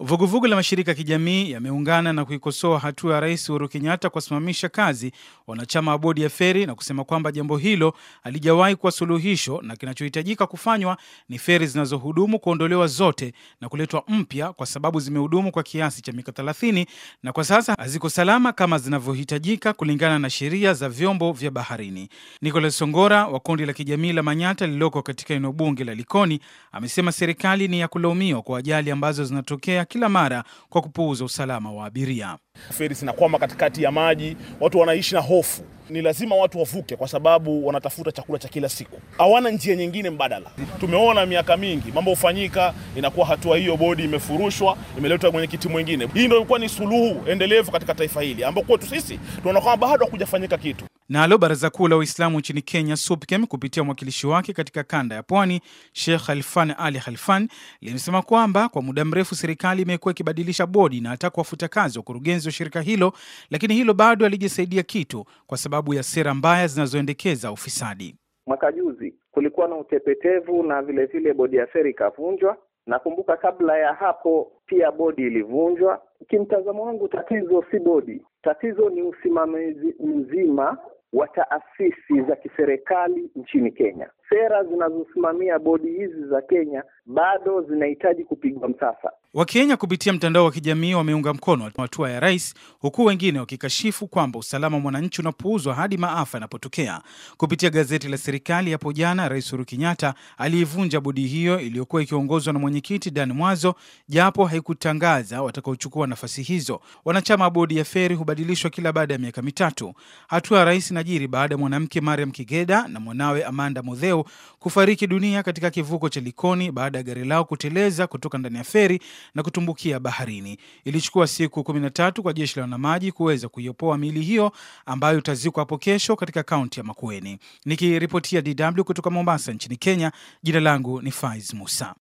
Vuguvugu la mashirika kijamii ya kijamii yameungana na kuikosoa hatua ya Rais Uhuru Kenyatta kuwasimamisha kazi wanachama wa bodi ya feri na kusema kwamba jambo hilo halijawahi kuwa suluhisho na kinachohitajika kufanywa ni feri zinazohudumu kuondolewa zote na kuletwa mpya, kwa sababu zimehudumu kwa kiasi cha miaka thelathini na kwa sasa haziko salama kama zinavyohitajika kulingana na sheria za vyombo vya baharini. Nicholas Songora wa kundi la kijamii la Manyata lililoko katika eneo bunge la Likoni amesema serikali ni ya kulaumiwa kwa ajali ambazo zinatokea kila mara kwa kupuuza usalama wa abiria. Feri zinakwama katikati ya maji, watu wanaishi na hofu. Ni lazima watu wavuke kwa sababu wanatafuta chakula cha kila siku, hawana njia nyingine mbadala. Tumeona miaka mingi mambo hufanyika, inakuwa hatua hiyo bodi imefurushwa, imeletwa kiti mwingine. Hii ndio ilikuwa ni suluhu endelevu katika taifa hili, ambao kwetu sisi tunaona kwamba bado hakujafanyika kitu. Nalo Baraza Kuu la Waislamu nchini Kenya, SUPKEM, kupitia mwakilishi wake katika kanda ya Pwani, Sheikh Khalfan Ali Khalfan, limesema kwamba kwa muda mrefu serikali imekuwa ikibadilisha bodi na hata kuwafuta kazi wakurugenzi wa shirika hilo, lakini hilo bado halijasaidia kitu kwa sababu ya sera mbaya zinazoendekeza ufisadi. Mwaka juzi kulikuwa na utepetevu na vilevile bodi ya sera ikavunjwa. Nakumbuka kabla ya hapo pia bodi ilivunjwa. Kimtazamo wangu, tatizo si bodi, tatizo ni usimamizi mzima wa taasisi za kiserikali nchini Kenya sera zinazosimamia bodi hizi za Kenya bado zinahitaji kupigwa msasa. Wakenya kupitia mtandao wa kijamii wameunga mkono hatua ya rais, huku wengine wakikashifu kwamba usalama wa mwananchi unapuuzwa hadi maafa yanapotokea. Kupitia gazeti la serikali hapo jana, Rais Uhuru Kenyatta aliivunja bodi hiyo iliyokuwa ikiongozwa na mwenyekiti Dan Mwazo, japo haikutangaza watakaochukua nafasi hizo. Wanachama wa bodi ya feri hubadilishwa kila baada ya miaka mitatu. Hatua ya rais inajiri baada ya mwanamke Mariam Kigeda na mwanawe Amanda Modheo leo kufariki dunia katika kivuko cha Likoni baada ya gari lao kuteleza kutoka ndani ya feri na kutumbukia baharini. Ilichukua siku kumi na tatu kwa jeshi la wanamaji kuweza kuiopoa miili hiyo ambayo itazikwa hapo kesho katika kaunti ya Makueni. Nikiripotia DW kutoka Mombasa nchini Kenya, jina langu ni Faiz Musa.